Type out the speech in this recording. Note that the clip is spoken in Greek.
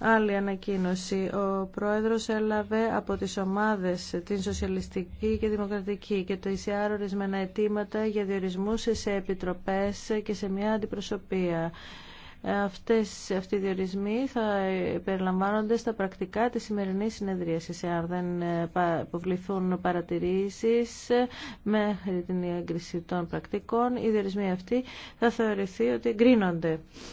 Άλλη ανακοίνωση. Ο πρόεδρος έλαβε από τις ομάδες την Σοσιαλιστική και Δημοκρατική και το ΙΣΙΑΡ ορισμένα αιτήματα για διορισμούς σε επιτροπές και σε μια αντιπροσωπεία. Αυτές, αυτοί οι διορισμοί θα περιλαμβάνονται στα πρακτικά της σημερινής συνεδρίασης. Εάν δεν ε, υποβληθούν παρατηρήσεις μέχρι την έγκριση των πρακτικών, οι διορισμοί αυτοί θα θεωρηθεί ότι εγκρίνονται.